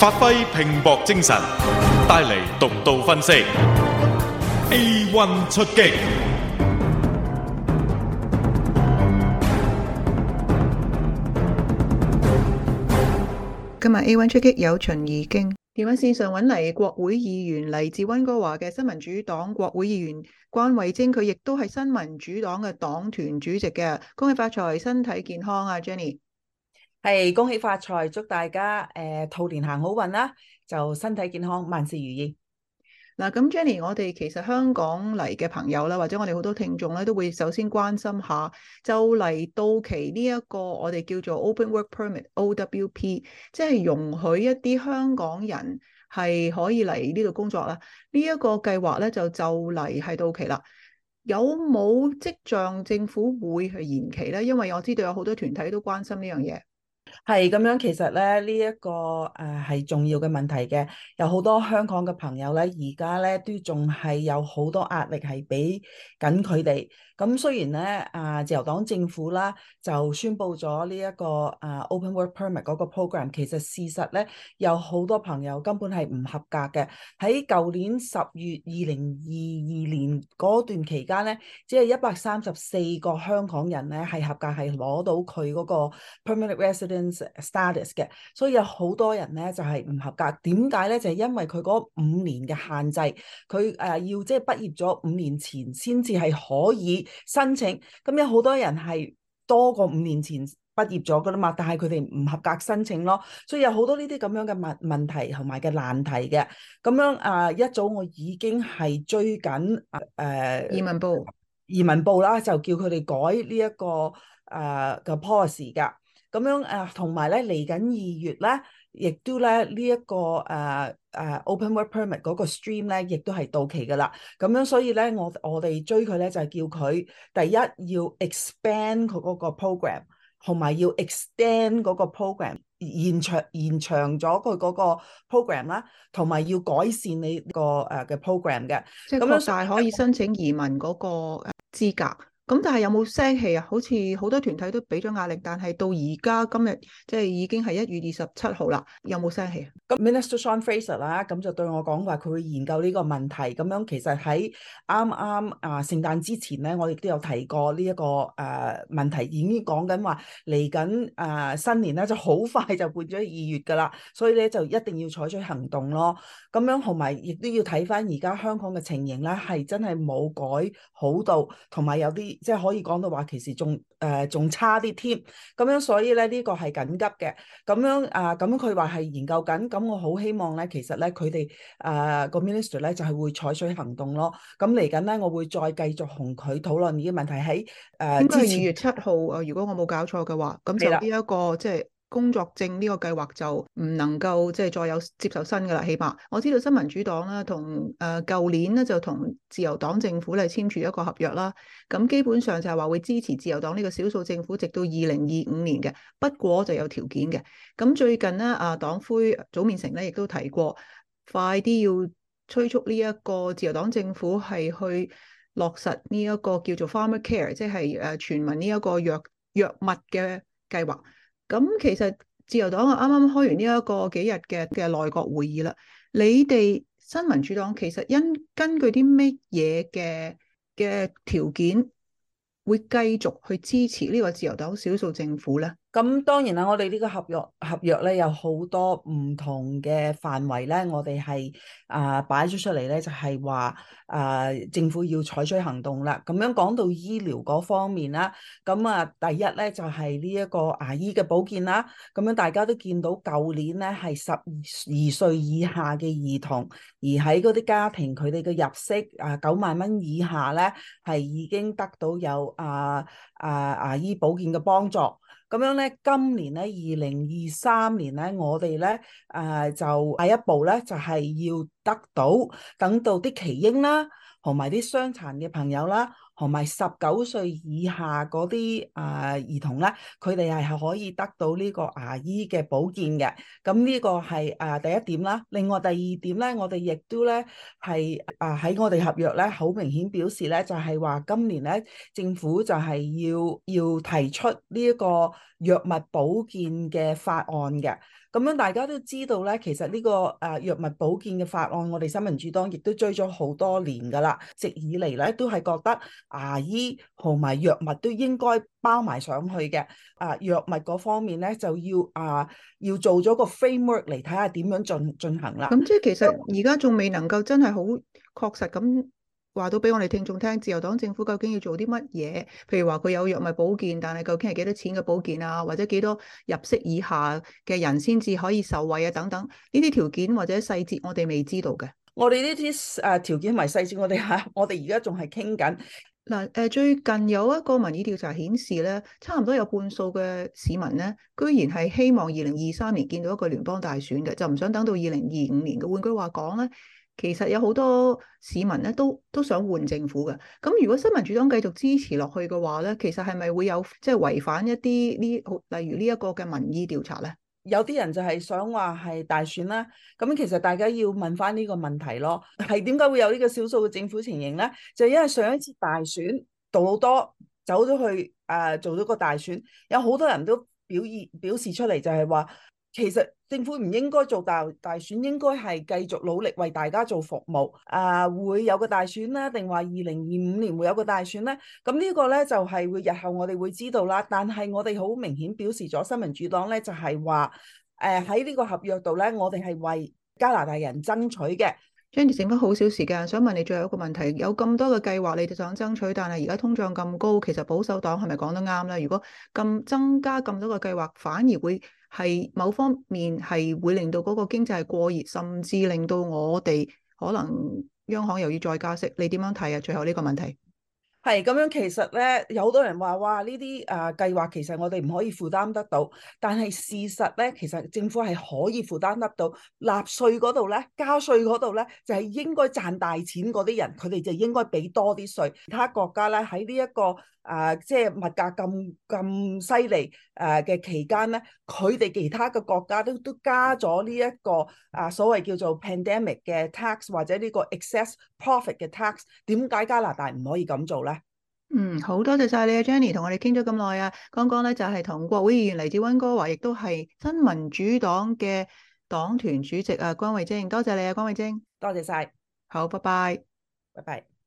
發揮拼搏精神，帶嚟獨到分析。A one 出擊，今日 A one 出擊有秦義經。電話線上揾嚟國會議員，嚟自溫哥華嘅新民主黨國會議員關慧貞，佢亦都係新民主黨嘅黨團主席嘅。恭喜發財，身體健康啊，Jenny！係，hey, 恭喜發財！祝大家誒，兔年行好運啦，就身體健康，萬事如意。嗱，咁 Jenny，我哋其實香港嚟嘅朋友啦，或者我哋好多聽眾咧，都會首先關心下，就嚟到期呢一個我哋叫做 Open Work Permit（OWP），即係容許一啲香港人係可以嚟呢度工作啦。呢一個計劃咧就就嚟係到期啦，有冇跡象政府會去延期咧？因為我知道有好多團體都關心呢樣嘢。係咁樣，其實咧呢一個誒係重要嘅問題嘅，有好多香港嘅朋友咧，而家咧都仲係有好多壓力，係俾緊佢哋。咁雖然咧，啊自由黨政府啦就宣佈咗呢一個啊 Open Work Permit 嗰個 program，其實事實咧有好多朋友根本係唔合格嘅。喺舊年十月二零二二年嗰段期間咧，只係一百三十四個香港人咧係合格，係攞到佢嗰個 Permanent Residence Status 嘅。所以有好多人咧就係唔合格。點解咧？就係、因為佢嗰五年嘅限制，佢誒、啊、要即係畢業咗五年前先至係可以，申請，咁有好多人係多過五年前畢業咗噶啦嘛，但係佢哋唔合格申請咯，所以有好多呢啲咁樣嘅問問題同埋嘅難題嘅。咁樣啊一早我已經係追緊誒、啊、移民部移民部啦，就叫佢哋改、呢個啊的的啊、呢一、呢個誒嘅 policy 㗎，咁樣啊同埋咧嚟緊二月咧，亦都咧呢一個誒。誒、open work permit 嗰個 stream 咧，亦都係到期噶啦。咁樣所以咧，我我哋追佢咧，就係叫佢第一要 expand 佢嗰個 program，同埋要 extend 嗰個 program，延長延長咗佢嗰個 program 啦，同埋要改善你個誒嘅 program 嘅。即係咁樣就係可以申請移民嗰個資格。咁但係有冇聲氣啊？好似好多團體都俾咗壓力，但係到而家今日即係已經係一月二十七號啦，有冇聲氣啊？咁 Minister Sean Fraser 啦，咁就對我講話佢會研究呢個問題。咁樣其實喺啱啱啊聖誕之前咧，我亦都有提過呢、這、一個誒、呃、問題，已經講緊話嚟緊啊新年咧就好快就換咗二月㗎啦，所以咧就一定要採取行動咯。咁樣同埋亦都要睇翻而家香港嘅情形咧，係真係冇改好到，同埋有啲。即係可以講到話、呃這個呃，其實仲誒仲差啲添，咁樣所以咧呢個係緊急嘅，咁樣啊，咁佢話係研究緊，咁我好希望咧，其實咧佢哋誒個 Ministry 咧就係、是、會採取行動咯。咁嚟緊咧，我會再繼續同佢討論呢啲問題喺誒。咁係二月七號啊，如果我冇搞錯嘅話，咁就呢一個的即係。工作證呢個計劃就唔能夠即係再有接受新嘅啦，起碼我知道新民主黨咧同誒舊年咧就同自由黨政府咧簽署一個合約啦。咁基本上就係話會支持自由黨呢個少數政府，直到二零二五年嘅。不過就有條件嘅。咁最近呢，啊黨魁早面成咧亦都提過，快啲要催促呢一個自由黨政府係去落實呢一個叫做 Pharmacare，即係誒全民呢一個藥藥物嘅計劃。咁其實自由黨啊，啱啱開完呢一個幾日嘅嘅內閣會議啦。你哋新民主黨其實因根據啲乜嘢嘅嘅條件，會繼續去支持呢個自由黨少數政府咧？咁當然啦，我哋呢個合約合約咧，有好多唔同嘅範圍咧，我哋係啊擺咗出嚟咧，就係話啊政府要採取行動啦。咁樣講到醫療嗰方面啦，咁啊第一咧就係呢一個牙醫嘅保健啦。咁樣大家都見到舊年咧係十二歲以下嘅兒童，而喺嗰啲家庭佢哋嘅入息啊九萬蚊以下咧，係已經得到有啊啊牙醫保健嘅幫助。咁樣咧，今年咧，二零二三年咧，我哋咧，誒、呃，就第一步咧，就係、是、要得到，等到啲耆英啦，同埋啲傷殘嘅朋友啦。同埋十九歲以下嗰啲啊兒童咧，佢哋係可以得到呢個牙醫嘅保健嘅。咁呢個係啊、呃、第一點啦。另外第二點咧，我哋亦都咧係啊喺我哋合約咧好明顯表示咧，就係、是、話今年咧，政府就係要要提出呢一個藥物保健嘅法案嘅。咁樣大家都知道咧，其實呢、呢個啊、呃、藥物保健嘅法案，我哋新民主黨亦都追咗好多年噶啦，直以嚟咧都係覺得。牙醫同埋藥物都應該包埋上去嘅。啊，藥物嗰方面咧就要啊，要做咗個 framework 嚟睇下點樣進進行啦。咁即係其實而家仲未能夠真係好確實咁話到俾我哋聽眾聽，自由黨政府究竟要做啲乜嘢？譬如話佢有藥物保健，但係究竟係幾多錢嘅保健啊？或者幾多入息以下嘅人先至可以受惠啊？等等呢啲條件或者細節，我哋未知道嘅，啊啊。我哋呢啲啊條件同埋細節，我哋吓，我哋而家仲係傾緊。嗱，誒最近有一個民意調查顯示咧，差唔多有半數嘅市民咧，居然係希望二零二三年見到一個聯邦大選嘅，就唔想等到二零二五年嘅。換句話講咧，其實有好多市民咧都都想換政府嘅。咁如果新民主黨繼續支持落去嘅話咧，其實係咪會有即係違反一啲呢，例如呢一個嘅民意調查咧？有啲人就係想話係大選啦、啊，咁其實大家要問翻呢個問題咯，係點解會有呢個少數嘅政府情形咧？就係、因為上一次大選杜魯多走咗去誒、呃、做咗個大選，有好多人都表意表示出嚟就係話。其實政府唔應該做大大選，應該係繼續努力為大家做服務。啊、呃，會有個大選啦，定話二零二五年會有個大選呢？咁、這、呢個呢，就係、是、會日後我哋會知道啦。但係我哋好明顯表示咗新民主黨呢就係話誒喺呢個合約度呢，我哋係為加拿大人爭取嘅。Jenny 剩翻好少時間，想問你最後一個問題：有咁多嘅計劃，你哋想爭取，但係而家通脹咁高，其實保守黨係咪講得啱咧？如果咁增加咁多嘅計劃，反而會係某方面係會令到嗰個經濟係過熱，甚至令到我哋可能央行又要再加息，你點樣睇啊？最後呢個問題。係咁樣，其實咧，有好多人話哇，呢啲誒計劃其實我哋唔可以負擔得到。但係事實咧，其實政府係可以負擔得到。納稅度咧，交稅度咧，就係應該賺大錢啲人，佢哋就應該俾多啲稅。其他國家咧喺呢一個誒即係物價咁咁犀利誒嘅期間咧，佢哋其他嘅國家都都加咗呢一個啊所謂叫做 pandemic 嘅 tax 或者呢個 excess profit 嘅 tax。點解加拿大唔可以咁做咧？嗯，好多謝晒你啊，Jenny，同我哋傾咗咁耐啊。剛剛咧就係、是、同國會議員嚟自溫哥華，亦都係新民主黨嘅黨團主席啊，關慧貞。多謝你啊，關慧貞。多謝晒。好，拜拜。拜拜。